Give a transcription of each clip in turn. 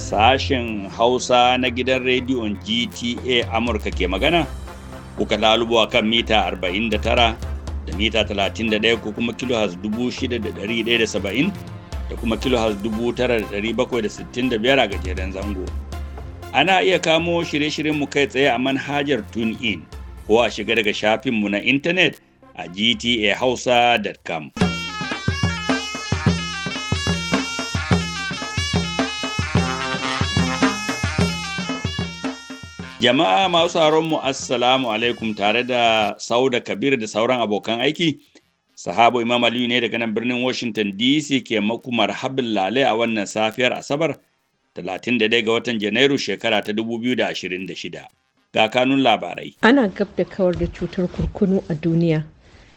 Sashen Hausa na gidan rediyon GTA Amurka ke magana, kuka lalubo a kan mita 49 da mita 31 ko kuma kilohaz 6,170 da kuma kilohaz 9,765 a gajeren zango. Ana iya kamo shirye-shiryenmu kai tsaye a manhajar TuneIn ko a shiga daga shafinmu na intanet. a gtahausa.com. Jama'a masu mu Assalamu alaikum tare da Sauda Kabir da sauran abokan aiki. Sahabo Imam Aliyu ne daga nan birnin Washington DC ke maku marhabin lale a wannan safiyar Asabar 31 ga watan Janairu shekara ta 2026. Ga kanun labarai. Ana gab da kawar da cutar kurkunu a duniya.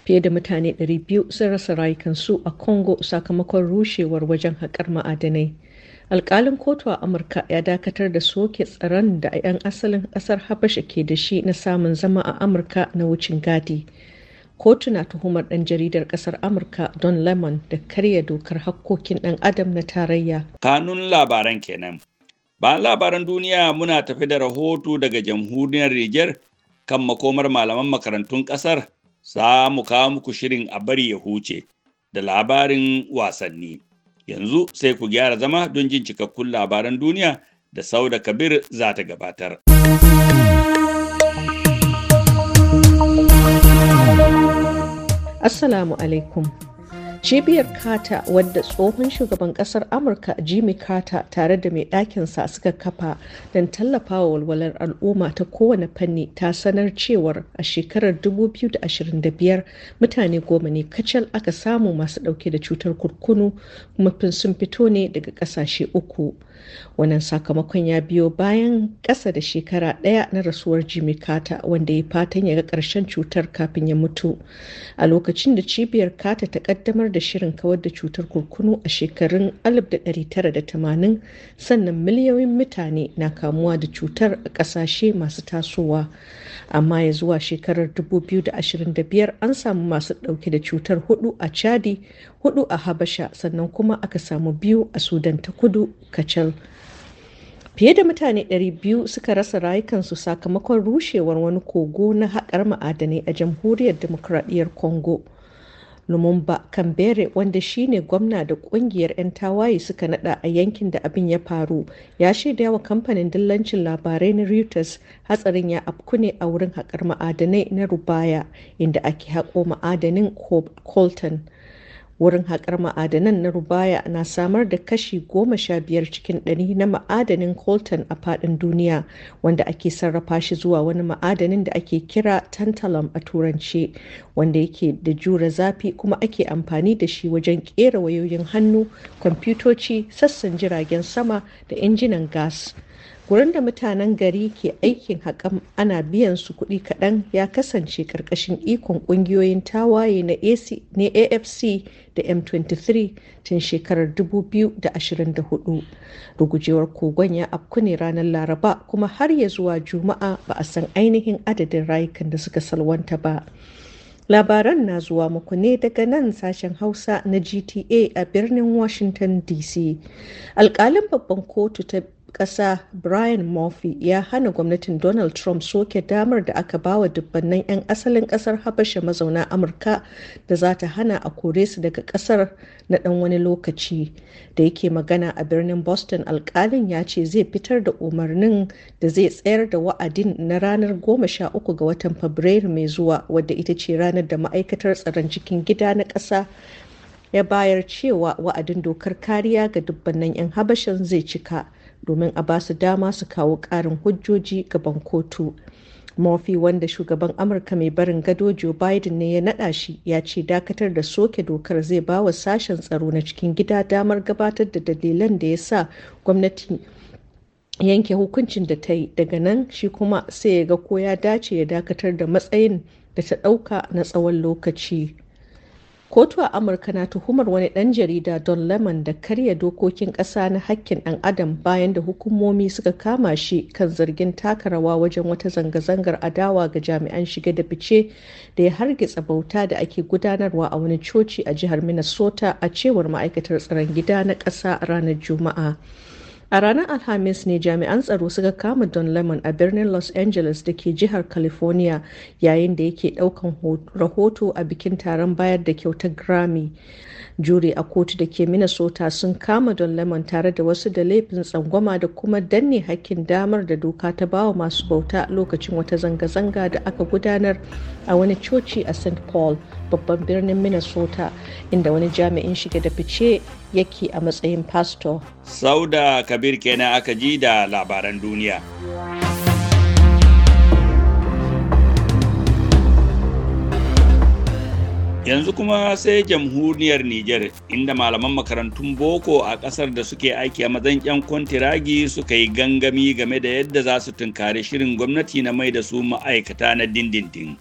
fiye da mutane 200 sun rasa rayukansu a congo sakamakon rushewar wajen haƙar ma'adanai alkalin kotu a amurka ya dakatar da soke tsaron da 'yan asalin ƙasar habasha ke da shi na samun zama a amurka na wucin gadi kotu na tuhumar ɗan jaridar ƙasar amurka don lemon da karya dokar hakkokin ɗan adam na tarayya kanun labaran kenan bayan labaran duniya muna tafi da rahoto daga jamhuriyar niger kan makomar malaman makarantun ƙasar za mu kawo muku shirin a bari ya huce da labarin wasanni. Yanzu sai ku gyara zama don jin cikakkun labaran duniya da Sauda Kabir za ta gabatar. Assalamu alaikum. Cibiyar kata wadda tsohon shugaban kasar Amurka Jimmy Carter tare da mai ɗakinsa suka kafa don tallafawa walwalar al'umma ta kowane fanni ta sanar cewar a shekarar 2025 mutane goma ne kacal aka samu masu ɗauke da cutar kurkunu kuma sun fito ne daga ƙasashe uku. Wannan sakamakon ya biyo bayan ƙasa da shekara ɗaya na rasuwar Jimmy Carter wanda ya fatan ya ga ƙarshen cutar kafin ya mutu. A lokacin da cibiyar Carter ta ƙaddamar da shirin kawar da cutar kurkunu a shekarun 1980 sannan miliyoyin mutane na kamuwa da cutar a ƙasashe masu tasowa. Amma ya zuwa shekarar 2025 an samu masu ɗauke da cutar hudu a Chadi, hudu a Habasha sannan kuma aka samu biyu a Sudan ta kudu kacal. fiye da mutane 200 suka rasa rayukansu sakamakon rushewar wani kogo na haƙar ma'adanai a jamhuriyar demokradiyyar congo lumumba kambere wanda shi ne gwamna da ƙungiyar 'yan tawaye suka naɗa a yankin da abin ya faru ya shaida wa kamfanin dillancin labarai na reuters hatsarin ya afku ne a wurin haƙar ma'adanai na rubaya inda ake haƙo ma'adanin colton Wurin haƙar ma'adanan na Rubaya na samar da kashi goma sha biyar cikin ɗari na ma'adanin coltan a faɗin duniya, wanda ake sarrafa shi zuwa wani ma'adanin da ake kira tantalum a Turance, wanda yake da jure zafi kuma ake amfani da shi wajen ƙera wayoyin hannu, kwamfutoci, sassan jiragen sama da injinan gas. Gurin da mutanen gari ke aikin haƙam ana biyan su kuɗi kaɗan ya kasance ƙarƙashin ikon ƙungiyoyin tawaye na AFC da M23 tun shekarar 2024. Rugujewar kogon ya afku ne ranar Laraba kuma har ya zuwa Juma'a ba a san ainihin adadin rayukan da suka salwanta ba. Labaran na zuwa muku ne daga nan sashen Hausa na GTA a birnin Washington DC. alkalin babban kotu ta ƙasa Brian Murphy ya hana gwamnatin Donald Trump soke damar da aka bawa dubbannan 'yan asalin ƙasar Habasha mazauna Amurka da za ta hana a kore su daga ƙasar na ɗan wani lokaci. Da yake magana a birnin Boston Alkalin ya ce zai fitar da umarnin da zai tsayar da wa'adin na ranar 13 ga watan Fabrairu mai zuwa wadda ita ce ranar da ma'aikatar tsaron cikin gida na ƙasa ya bayar cewa wa'adin dokar kariya ga dubbannan 'yan habashin zai cika domin a ba su dama su kawo ƙarin hujjoji gaban kotu. Murphy wanda shugaban Amurka mai barin gado Joe Biden ne ya naɗa shi ya ce dakatar da soke dokar zai ba wa sashen tsaro na cikin gida damar gabatar da dalilan da ya sa gwamnati yanke hukuncin da ta yi daga nan shi kuma sai ya ga ko ya dace ya dakatar da matsayin da ta ɗauka na tsawon lokaci. kotu a amurka na tuhumar wani dan jarida don lemon da karya dokokin kasa na hakkin ɗan adam bayan da hukumomi suka kama shi kan zargin taka rawa wajen wata zanga-zangar adawa ga jami'an shiga da fice da ya hargitsa bauta da ake gudanarwa a wani coci a jihar minnesota a cewar ma'aikatar tsaron gida na kasa a ranar juma'a A ranar Alhamis ne jami'an tsaro suka kama Don Lemon a birnin Los Angeles da ke jihar California yayin da yake daukan rahoto a bikin taron bayar da kyautar Grammy. jure a kotu da ke minnesota sun kama don lemon tare da wasu da laifin tsangwama da kuma danne hakkin damar da doka ta bawa masu bauta lokacin wata zanga-zanga da aka gudanar a wani coci a st paul babban birnin minnesota inda wani jami'in shiga da fice yake a matsayin pastor sauda kabir kenan aka ji da labaran duniya Yanzu kuma sai jamhuriyar Nijar inda malaman makarantun boko a kasar da suke aiki a matsayin 'yan kwantiragi suka yi gangami game da yadda za su tunkari shirin gwamnati na mai da su ma'aikata na dindindin.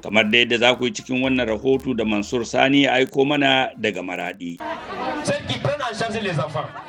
Kamar da yadda za ku yi cikin wannan rahoto da Mansur Sani aiko mana daga Maradi.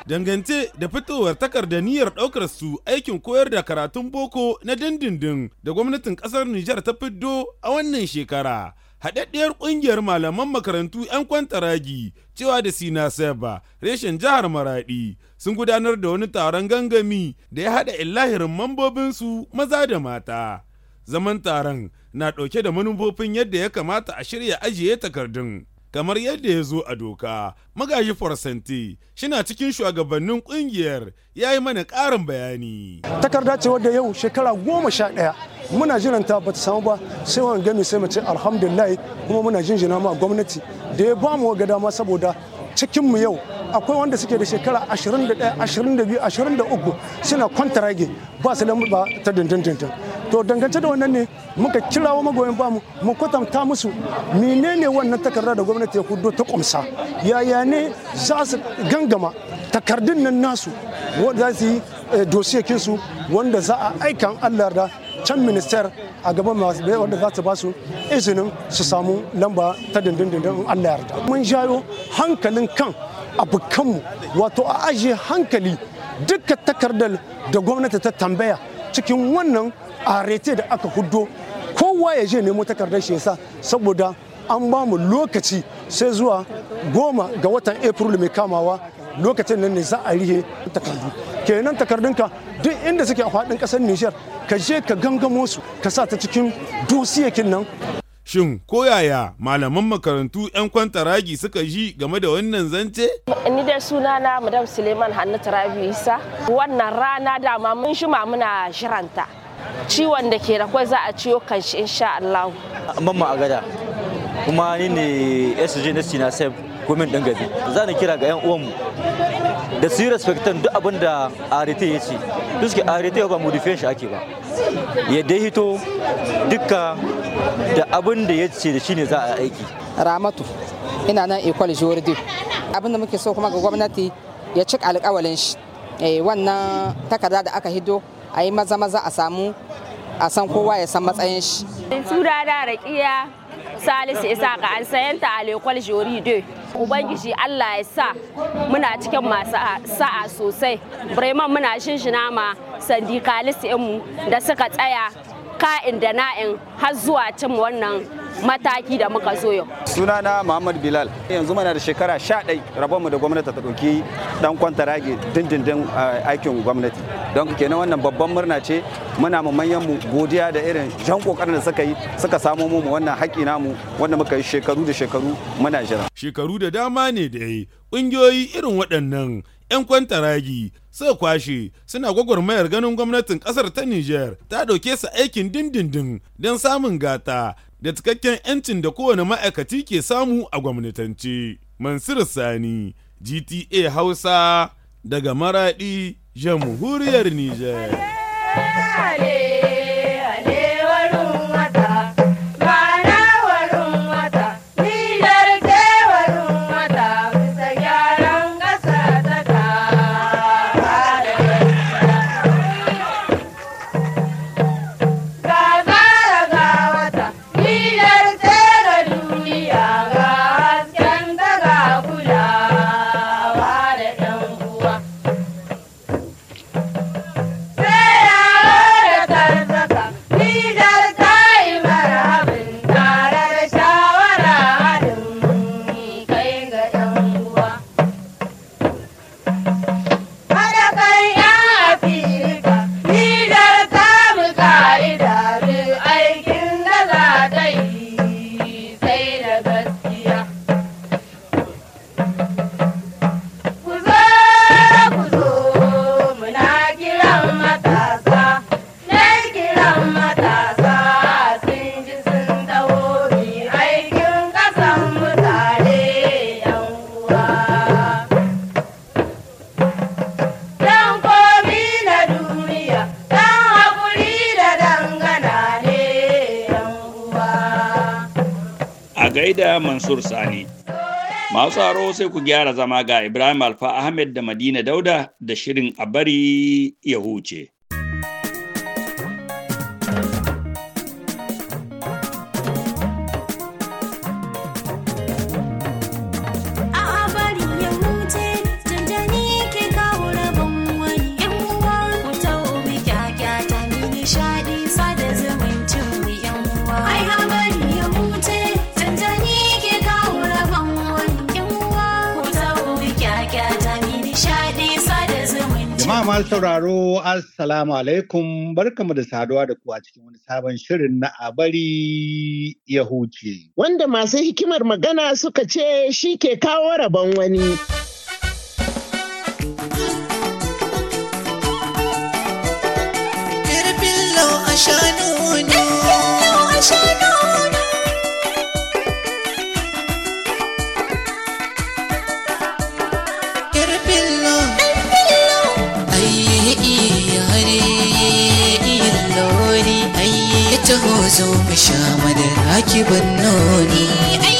Dangante da fitowar takardar niyyar ɗaukar su aikin koyar da karatun boko na dindindin da gwamnatin ƙasar Nijar ta fiddo a wannan shekara. haɗaɗɗiyar ƙungiyar malaman makarantu 'yan kwantaragi cewa da sina seba reshen jihar maradi sun gudanar da wani taron gangami da ya haɗa illahirin mambobinsu maza da mata zaman taron na ɗauke da manufofin yadda ya kamata a shirya ajiye takardun kamar yadda ya zo a doka magaji forsanti shina cikin shugabannin kungiyar ya yi mana ƙarin bayani takarda ce wadda yau shekara goma sha ɗaya muna jiran ta bata samu ba sai wani gami sai mace ce kuma muna jinjina ma gwamnati da ya ba mu ga ma saboda cikinmu yau akwai wanda suke da shekara 21 22 23 suna kwantarage ba su da ta dindindin to dangance da wannan ne muka kirawo magoyan bamu mu kwatanta musu menene wannan takarda da gwamnati ya kudo ta kumsa yaya ne za su gangama takardun nan nasu wanda za su yi eh, su wanda za a aika allah da can minister a gaban wanda za ta ba su izinin su samu lamba ta dindindindin allah Allah yarda. Mun jayo hankalin kan abokanmu wato a ajiye hankali duka takardar da gwamnati ta tambaya cikin wannan arete da aka hudu kowa ya je nemo takardar shi yasa saboda an ba mu lokaci sai zuwa goma ga watan april mai kamawa lokacin nan ne za a rihe takardu kenan takardunka duk inda suke a faɗin ƙasar nijar ka je ka gangamo su ka sa ta cikin dosiyakin nan Shin koyaya malaman makarantu 'yan kwanta ragi suka ji game da wannan zance? Ni dai sunana Madam Suleiman Hannu Rabi Isa. Wannan rana dama mun shi ma muna shiranta. Ciwon da ke da kwai za a ciwo kan shi insha Allah. Mamma a gada. Kuma ni ne SJ na Sinasef gomin ɗin gari za ni kira ga 'yan uwanmu da su yi respectan duk abin da arete ya ce duk suke arete ba modifiyan shi ake ba yadda hito duka da abin da ya ce da shi ne za a aiki ramatu ina nan ikwal jordi abin da muke so kuma ga gwamnati ya cika alƙawalin shi eh, wannan takarda da aka hido a yi maza maza a samu a san kowa ya san matsayin shi. Tura da rakiya Salisu Isaka an sayanta a Lekwal Jori de. Ubangiji Allah ya sa muna cikin masu sa'a sosai. Bremen muna shinshina ma sandikalisti mu da suka tsaya ka'in da na'in har zuwa cin wannan mataki da muka zo yau. Sunana Muhammad Bilal yanzu mana da shekara sha ɗai rabonmu da gwamnati ta ɗauki ɗan kwantarage dindindin eh, aikin gwamnati. Don kenan wannan babban murna ce muna mu manyan mu godiya da irin jan kokarin da suka yi suka samo mu wannan haƙi namu wanda muka yi shekaru da shekaru muna jira. Shekaru da dama ne da ya yi ƙungiyoyi irin waɗannan 'yan kwanta ragi suka kwashe suna gwagwarmayar ganin gwamnatin kasar ta Nijar ta ɗauke su aikin dindindin don samun gata da cikakken 'yancin da kowane ma'aikaci ke samu a gwamnatance. Mansur Sani, GTA Hausa daga Maraɗi, Jamhuriyar Nijar. Masu tsaro sai ku gyara zama ga Ibrahim Alfa Ahmed da Madina Dauda da shirin a bari ya huce. Mama sauraro Assalamu alaikum barkamu da saduwa da ku a cikin wani sabon shirin na a bari ya huce. Wanda masu hikimar magana suka ce shi ke kawo rabon wani. a Shanu ne. shigo zo mu sha madara ki ban noni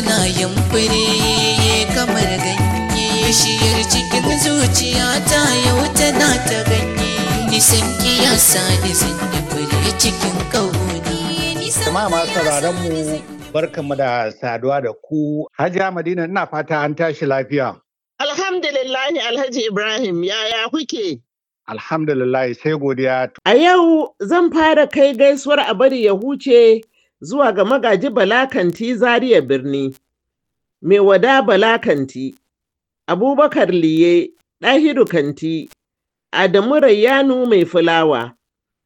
yana yin fure kamar ganye shiyar cikin zuciya ta yau tana ta ganye nisan kiyasa nisan da fure cikin kauni jama'a masu sauraron mu da saduwa da ku hajiya madina ina fata an tashi lafiya alhamdulillahi alhaji ibrahim yaya kuke Alhamdulillah sai godiya. A yau zan fara kai gaisuwar a bari ya huce zuwa ga magaji Balakanti Zaria Birni, Mai Wada Balakanti, Abubakar Liye, Ɗahiru Kanti, Adamu Rayyanu Mai Fulawa,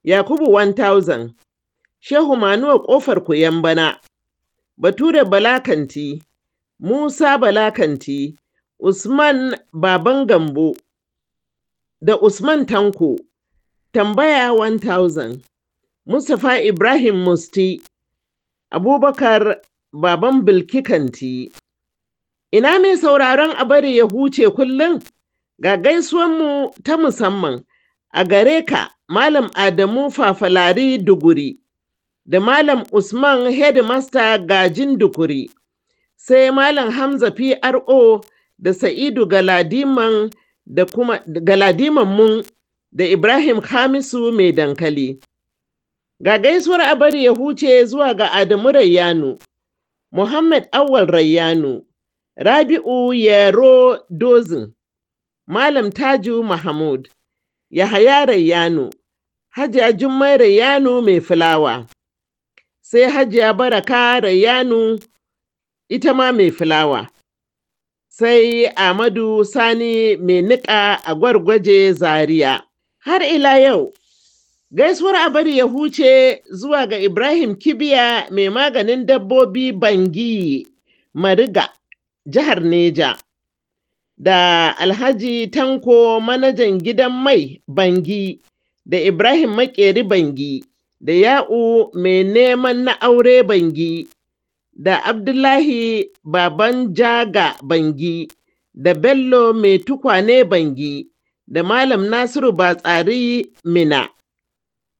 Yakubu 1000, Shehu Manuwa Ƙofar bana. Bature Balakanti, Musa Balakanti, Usman Baban Gambo, da Usman Tanko, Tambaya 1000, Mustapha Ibrahim Musti, Abubakar baban Bilkikanti. Ina mai sauraron a bari ya huce kullum? Ga gaisuwanmu ta musamman a gare ka Malam Adamu Fafalari Duguri da Malam Usman Headmaster Gajin Dukuri, sai Malam Hamza PRO da Sa'idu Galadiman da kuma Galadiman mun da Ibrahim Hamisu mai dankali. Ga gaisuwar a ya huce zuwa ga Adamu Rayyanu, Muhammad Awal Rayyanu, Rabi'u Yero Dozin, Malam Taju Mahmud, Yahaya Rayyanu, Hajiya Jummai Rayyanu mai fulawa, sai Hajiya Baraka Rayyanu ita ma mai fulawa. sai Amadu Sani mai niƙa a gwargwaje Zaria. Har ila yau, Gaisuwar a ya huce zuwa ga Ibrahim Kibiya mai maganin dabbobi Bangi Mariga, jihar Neja, da Alhaji Tanko manajan gidan mai Bangi da Ibrahim Makeri Bangi da Ya'u mai neman na aure Bangi da Abdullahi Baban Jaga Bangi da Bello mai tukwane Bangi da Malam Nasiru Batsari Mina.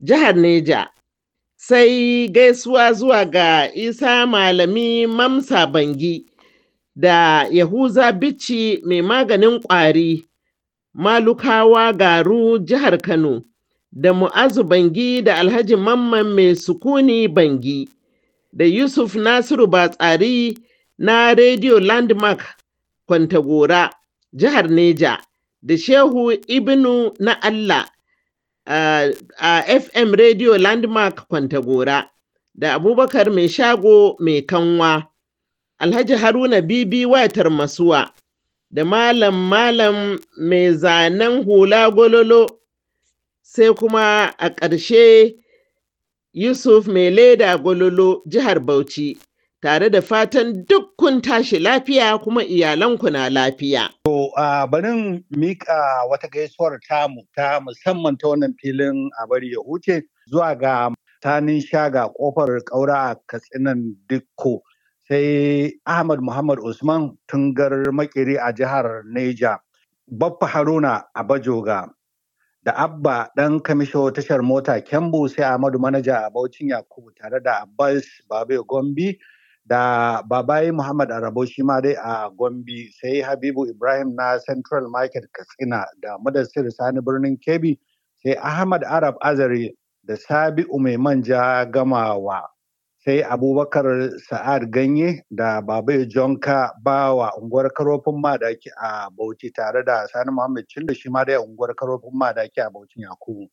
jihar Neja. Sai gaisuwa zuwa ga Isa Malami Mamsa Bangi da Yahuza Bici mai maganin ƙwari, Malukawa Garu jihar Kano, da Mu'azu Bangi da Alhaji Mamman mai sukuni Bangi, da Yusuf Nasiru Batsari na Radio Landmark Kwantagora, jihar Neja, da Shehu Ibnu na Allah. a FM Radio Landmark Kwantagora da Abubakar Mai Shago Mai Kanwa, Alhaji Haruna Bibi Watar Masuwa da Malam Malam Mai Zanen Hula Gololo sai kuma a ƙarshe Yusuf Mai Leda Gololo Jihar Bauchi tare da fatan duk kun tashi lafiya kuma iyalanku na lafiya. To barin mika wata gaisuwar tamu ta musamman ta wannan filin a bari ya huce zuwa ga tanin shaga kofar kaura a katsinan dukko, sai Ahmad Muhammad Usman tungar makiri a jihar Neja. Baffa Haruna a Bajoga da Abba ɗan kamisho tashar mota Kembu sai Ahmadu Manaja a Baucin Yakubu tare da Abbas Babe Gombi da babayi muhammad arabo shi ma dai a gombe sai habibu ibrahim na central market katsina da madassir sani birnin kebbi sai ahmad arab azari da sabi'u mai manja gamawa sai abubakar sa'ad ganye da babai jonka bawa unguwar karofin madaki a bauchi tare da sani muhammad cinda shi ma dai unguwar karofin madaki a Bauchi yakubu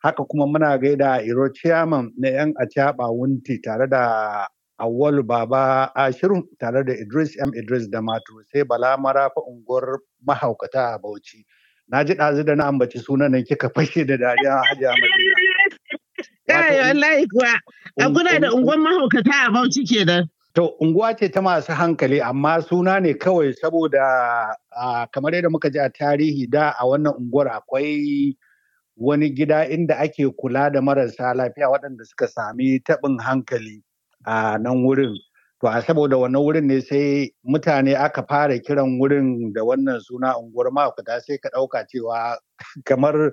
haka kuma muna gaida iro chairman na yan acaba wunti tare da Awwalu Baba Ashiru tare da Idris M Idris da Maturu sai Bala Marafa unguwar mahaukata a Bauchi. Na ji ɗazu da na ambaci sunan nan kika fashe da dariya Hajji Madina. kuwa a da unguwar mahaukata a Bauchi To unguwa ce ta masu hankali amma suna ne kawai saboda kamar yadda muka ji a tarihi da a wannan unguwar akwai wani gida inda ake kula da marasa lafiya waɗanda suka sami taɓin hankali. a nan wurin to a saboda wannan wurin ne sai mutane aka fara kiran wurin da wannan suna unguwar ma'aukata, sai ka ɗauka cewa kamar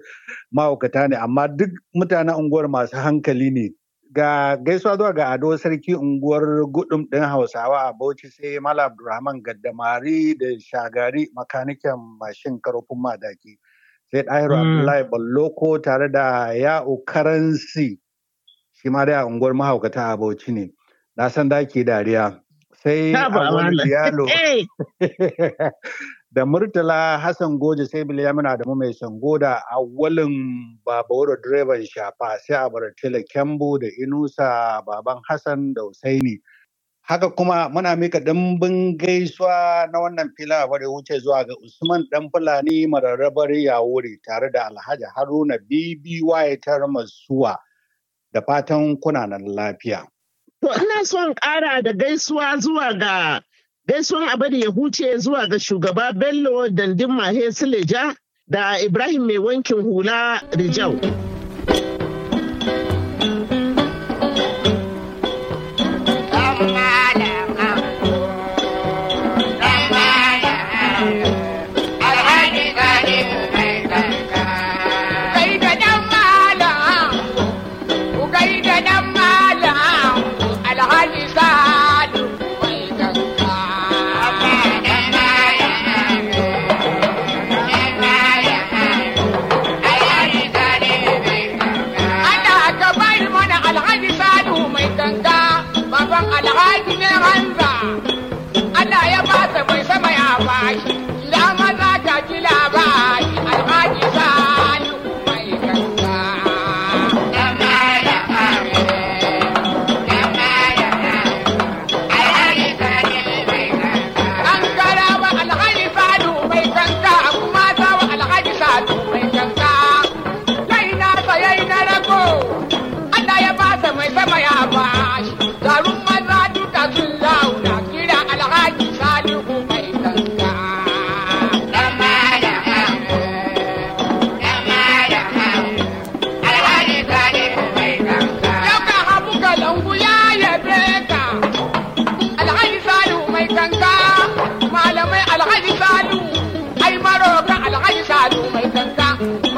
ma'aukata ne amma duk mutanen unguwar masu hankali ne ga gaisuwa zuwa ga ado sarki unguwar gudum ɗin hausawa a bauchi sai mala Abdulrahman gaddamari da shagari makanikin mashin karofin madaki sai ɗahiru mm. abdullahi ko tare da ya'u karansi shi ma dai a unguwar mahaukata a bauchi ne na san ke dariya sai Diallo da Murtala Hassan Goje sai da mu mai sangoda da awalin Babawaro direban shafa sai a Abaratila Kyambo da Inusa Baban Hassan da Usaini. Haka kuma muna mika dimbin gaisuwa na wannan fila bare wuce zuwa ga Usman Dan Fulani mararrabar Yawuri tare da Alhaji Haruna BBY tar Masuwa da fatan kuna nan lafiya. To ina son ƙara da gaisuwa zuwa ga gaisuwan abadi ya huce zuwa ga shugaba Bello Dandin Mahe Sileja da Ibrahim mai wankin hula Rijau.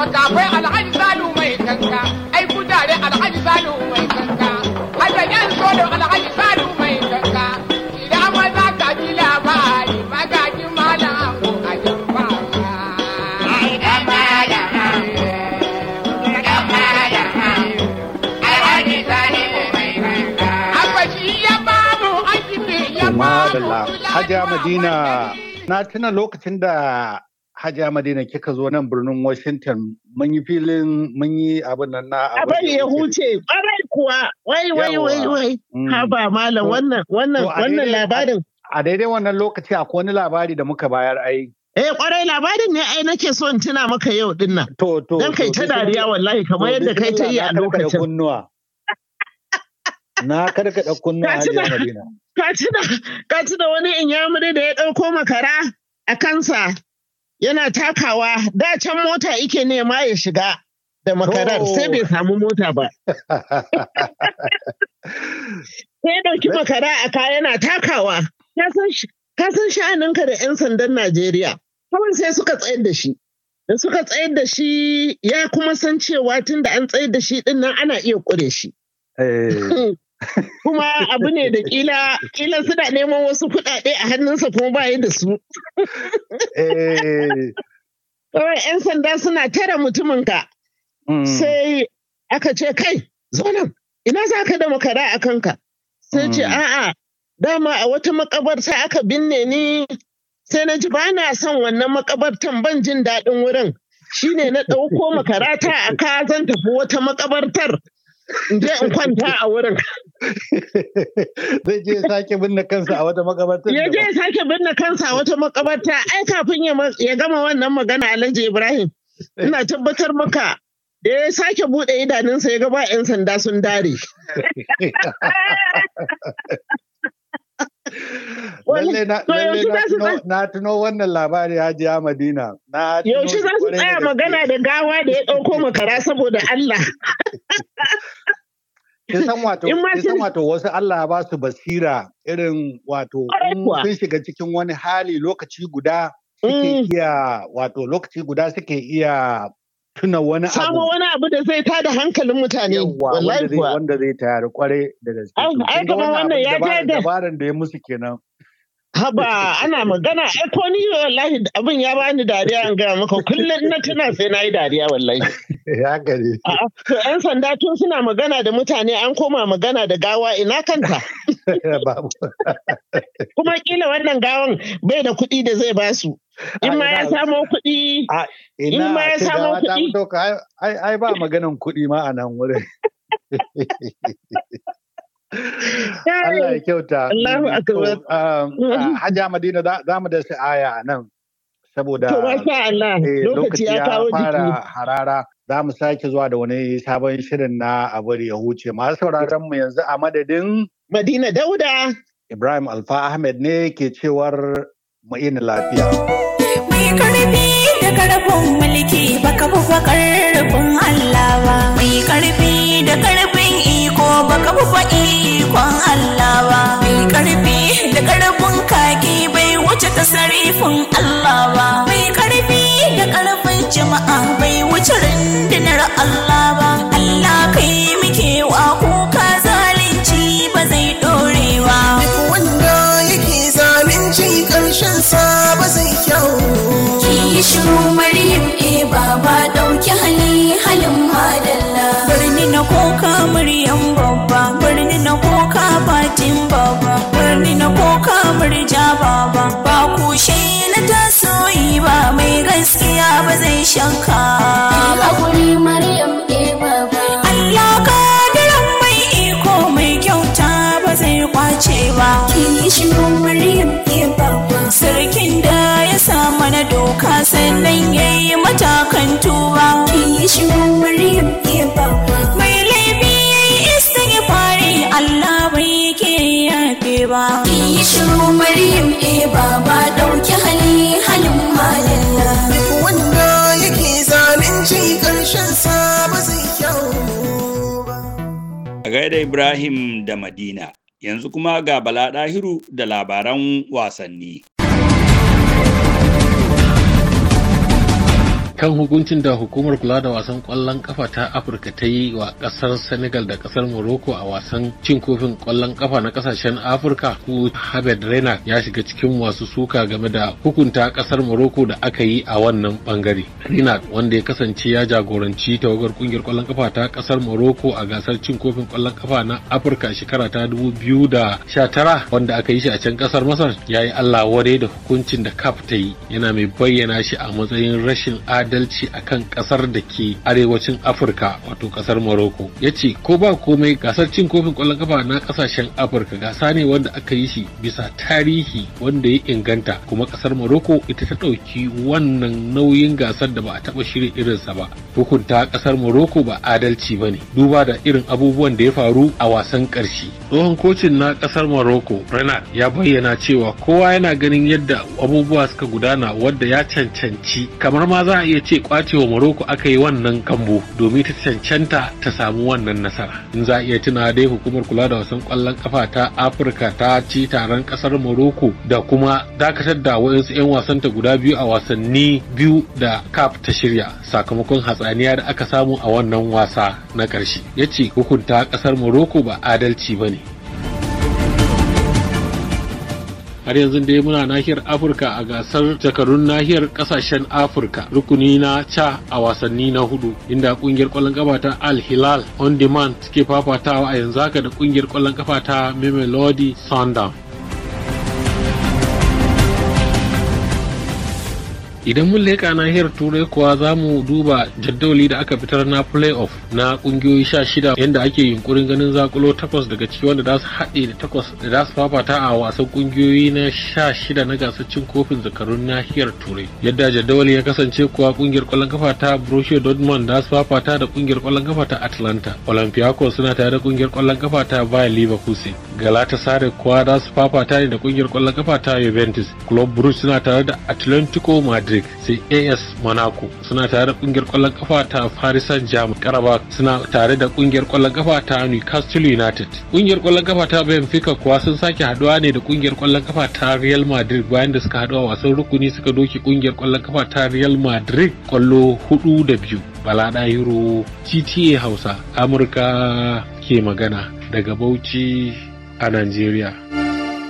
makafai alhaji salu mai kanka ai kudare alhaji salu mai kanka haka yan solo alhaji salu mai kanka idan maza ka ji labari magaji malam ko a jamba Madalla, Hajiya Madina, na tuna lokacin da Hajiya Madina kika zo nan birnin Washington mun yi filin mun yi abin nan na abin ya huce ƙwarai kuwa wai wai wai wai mm. haba malam wannan wannan wannan labarin a daidai wannan lokaci akwai wani labari da muka bayar ai Eh kwarai labarin ne ai nake so in tuna maka yau din nan. To to. Dan kai ta dariya wallahi kamar yadda kai ta yi a lokacin. Na karkada kunnuwa Hajiya Madina. Ka tuna ka tuna wani inyamuri da ya ɗauko makara a kansa yana takawa da can mota ike nema ya shiga da makarar oh. sai bai samu mota ba. Sai ɗauki makara a ka yana takawa. Ka san sha'aninka da 'yan sandan Najeriya. Kawai sai suka tsayar da shi. Da suka tsayar da shi ya kuma san cewa tun da an tsayar da shi ɗin ana iya kure shi. Eh. kuma abu ne da kila kila suna neman wasu kuɗaɗe a hannunsa kuma ba da su. Eh. Kawai 'yan sanda suna tara mutumin ka. Mm. Sai aka ce kai zo nan ina za ka da makara a kanka. Sai ce mm. a'a dama a wata makabarta aka binne ni sai na ji ba na son wannan makabartan ban jin daɗin wurin. Shine na ɗauko makarata a ka zan tafi wata makabartar. in in kwanta a wurin. Zai je sake binne kansa a wata makabarta. Ya je sake binne kansa a wata makabarta ai kafin ya gama wannan magana Alhaji Ibrahim. Ina tabbatar maka da ya sake buɗe idanunsa ya gaba 'yan sanda sun dare. Lalle na tuno wannan labari Hajiya Madina. Yaushe za su tsaya magana da gawa da ya ɗauko makara saboda Allah. Kisan wato wasu Allah ba su basira irin wato sun shiga cikin wani hali lokaci guda suke mm. iya wato lokaci guda suke iya tuna wani abu. Samu wani abu da zai tada hankalin mutane. Wallahi Wanda zai tayar kware da gaske. Ai kamar wannan ya tayar da. Dabaran da ya musu kenan. Haba ana magana ai ko ni wallahi abin ya bani dariya an gaya maka kullum na tuna sai na yi dariya wallahi. Ya gari. Yan sanda tun suna magana da mutane an koma magana da gawa ina kanta. Kuma kila wannan gawan bai da kuɗi da zai basu. in ma ya samo kuɗi in ma ya samo kuɗi ai ba maganin kuɗi ma a nan wurin Allah ya kyauta Allahu akbar um, mm. hajja madina za mu da aya a nan saboda eh, lokaci ya fara harara za mu sake zuwa da wani sabon shirin na da ya huce masu sauraron mu yanzu a madadin madina dauda ibrahim alfa ahmed ne ke cewar mu ina lafiya. Mai karfi da karfin mulki baka bufa karfin Allah ba. Mai karfi da karfin iko baka bufa ikon Allah ba. Mai karfi da karfin kaki bai wuce tasarifin Allah ba. Mai karfi koka muryan babba birni na koka batin babba birni na koka murja baba ba kushe na tasoyi ba mai gaskiya ba zai shanka hakuri maryam e baba Allah kadiran mai iko mai kyauta ba zai kwace ba kishin maryam e sarkin da ya samu na doka sannan yayi matakan tuba kishin maryam e shiru maryam e baba dauki hali halin malalla wanda yake zalunci karshen sa ba zai kyawu ba a gaida ibrahim da madina yanzu kuma ga bala dahiru da labaran wasanni kan hukuncin da hukumar kula da wasan kwallon kafa ta afirka ta yi wa kasar senegal da kasar morocco a wasan cin kofin kwallon kafa na kasashen afirka ku habed rena ya shiga cikin wasu suka game da hukunta kasar morocco da aka yi a wannan bangare rena wanda ya kasance ya jagoranci tawagar kungiyar kwallon kafa ta kasar morocco a gasar cin kofin kwallon kafa na afirka shekara ta tara, wanda aka yi shi a can kasar masar ya yi allah wadai da hukuncin da kaf ta yi yana mai bayyana shi a matsayin rashin adalci adalci akan kasar da ke arewacin afirka wato kasar morocco ya ce ko ba komai gasar cin kofin kwallon kafa na kasashen afirka gasa ne wanda aka yi shi bisa tarihi wanda ya inganta kuma kasar morocco ita ta ɗauki wannan nauyin gasar da ba a taɓa shirin irinsa ba hukunta kasar morocco ba adalci ba ne duba da irin abubuwan da ya faru a wasan ƙarshe tsohon kocin na kasar morocco renard ya bayyana cewa kowa yana ganin yadda abubuwa suka gudana wadda ya cancanci kamar ma za a iya ce kwacewa Morocco aka yi wannan kambo domin ta cancanta ta samu wannan nasara. In za a iya tuna dai hukumar kula da wasan kwallon kafa ta Afirka ta ci taron kasar Morocco da kuma dakatar da wayansu 'yan wasanta guda biyu a wasanni biyu da CAF ta shirya sakamakon hatsaniya da aka samu a wannan wasa na ƙarshe. Ya ce hukunta kasar Morocco ba adalci ba ne. har yanzu dai muna nahiyar afirka a gasar jakarun nahiyar kasashen afirka rukuni na ca a wasanni na hudu inda kungiyar kwallon kafa ta al hilal on demand ke fafatawa a yanzu haka da kungiyar kwallon kafa ta mamelodi sundown idan mun leƙa nahiyar turai kuwa za mu duba jaddawali da aka fitar na playoff na ƙungiyoyi sha shida yadda ake yunkurin ganin zakulo takwas daga ciki wanda za su haɗe da takwas da za su fafata a wasan ƙungiyoyi na sha shida na gasar cin kofin zakarun nahiyar turai yadda jaddawali ya kasance kuwa ƙungiyar ƙwallon kafa ta borussia dortmund za su fafata da ƙungiyar ƙwallon kafa ta atlanta olympiacos suna tare da ƙungiyar kwallon kafa ta bayer leverkusen galatasaray kuwa za su fafata ne da ƙungiyar ƙwallon kafa ta juventus club brugge suna tare da atlantico madrid Madrid sai AS Monaco suna tare da kungiyar kwallon kafa ta Paris Saint-Germain Karaba suna tare da kungiyar kwallon kafa ta Newcastle United. Kungiyar kwallon kafa ta Benfica kuwa sun sake haduwa ne da kungiyar kwallon kafa ta Real Madrid bayan da suka haduwa wasan rukuni suka doke kungiyar kwallon kafa ta Real Madrid kwallo hudu da biyu. Bala Ɗahiro GTA Hausa Amurka ke magana daga Bauchi a Najeriya.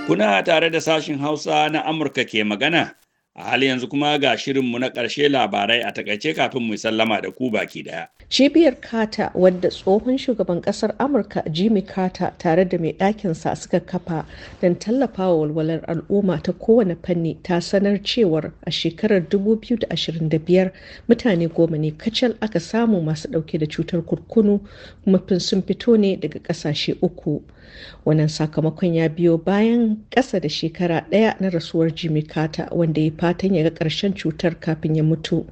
Kuna tare da sashin Hausa na Amurka ke magana A hali yanzu kuma ga shirin mu na ƙarshe labarai a takaice kafin mu sallama da ku baki daya. Cibiyar kata wadda tsohon shugaban ƙasar Amurka Jimmy Carter tare da mai ɗakinsa suka kafa don tallafawa walwalar al'umma ta kowane fanni ta sanar cewar a shekarar 2025 mutane goma ne kacal aka samu masu ɗauke da cutar kurkunu kuma sun fito ne daga ƙasashe uku. wannan sakamakon ya biyo bayan ƙasa da shekara ɗaya na rasuwar jimmy carter wanda ya fatan ya ga ƙarshen cutar kafin ya mutu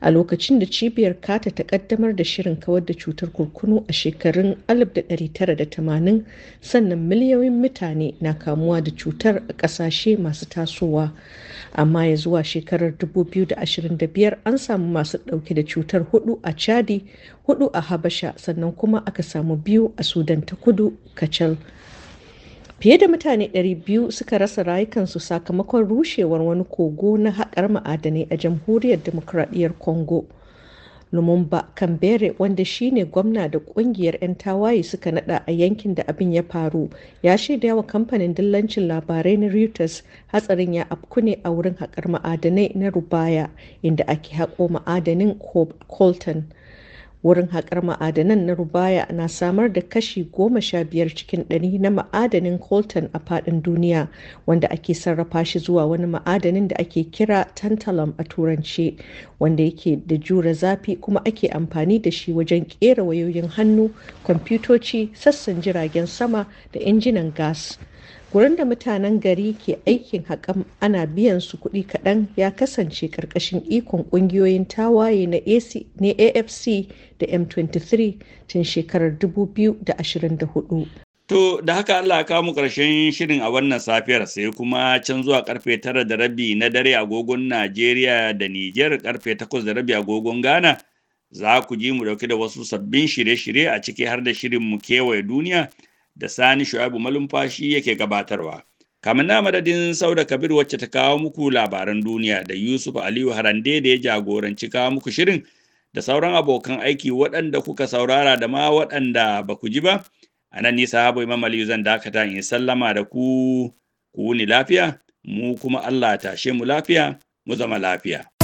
a lokacin da cibiyar carter ta ƙaddamar da shirin kawar da cutar kurkunu a shekarun 1980 sannan miliyoyin mutane na kamuwa da cutar a ƙasashe masu tasowa amma ya zuwa shekarar 2025 an samu masu ɗauke da cutar hudu a chadi hudu a habasha sannan kuma aka samu biyu a sudan ta kudu kacal fiye da mutane 200 suka rasa rayukansu sakamakon rushewar wani kogo na haƙar ma'adanai a jamhuriyar demokradiyyar congo lumumba kambere wanda shine gwamna da ƙungiyar 'yan tawaye suka nada a yankin da abin ya faru ya shaida yawa kamfanin dillancin labarai na reuters hatsarin ya afku ne a wurin haƙar ma'adanai na rubaya inda ake haƙo ma'adanin colton Wurin haƙar ma'adanan na Rubaya na samar da kashi goma sha biyar cikin ɗari na ma'adanin coltan a faɗin duniya, wanda ake sarrafa shi zuwa wani ma'adanin da ake kira tantalum a Turance, wanda yake da jure zafi kuma ake amfani da shi wajen ƙera wayoyin hannu, kwamfutoci, sassan jiragen sama da injinan gas. Gurin da mutanen gari ke aikin haƙam ana biyan su kuɗi kaɗan ya kasance ƙarƙashin ikon ƙungiyoyin tawaye na AFC da M23 tun shekarar 2024. To da haka Allah kawo mu ƙarshen shirin a wannan safiyar sai kuma can zuwa karfe tara da rabi na dare agogon Najeriya da Niger karfe takwas da rabi agogon Ghana za ku ji mu dauke da wasu sabbin shirye-shirye a ciki har da shirin mu kewaye duniya. da Sani Shu'aibu Malumfashi yake gabatarwa. Kamar na madadin Sauda Kabir wacce ta kawo muku labaran duniya da Yusuf Aliyu Harande da ya jagoranci kawo muku shirin da sauran abokan aiki waɗanda kuka saurara da ma waɗanda ba ku ji ba. A nan nisa Habu Imam Aliyu zan dakata in sallama da ku ku wuni lafiya, mu kuma Allah tashe mu lafiya, mu zama lafiya.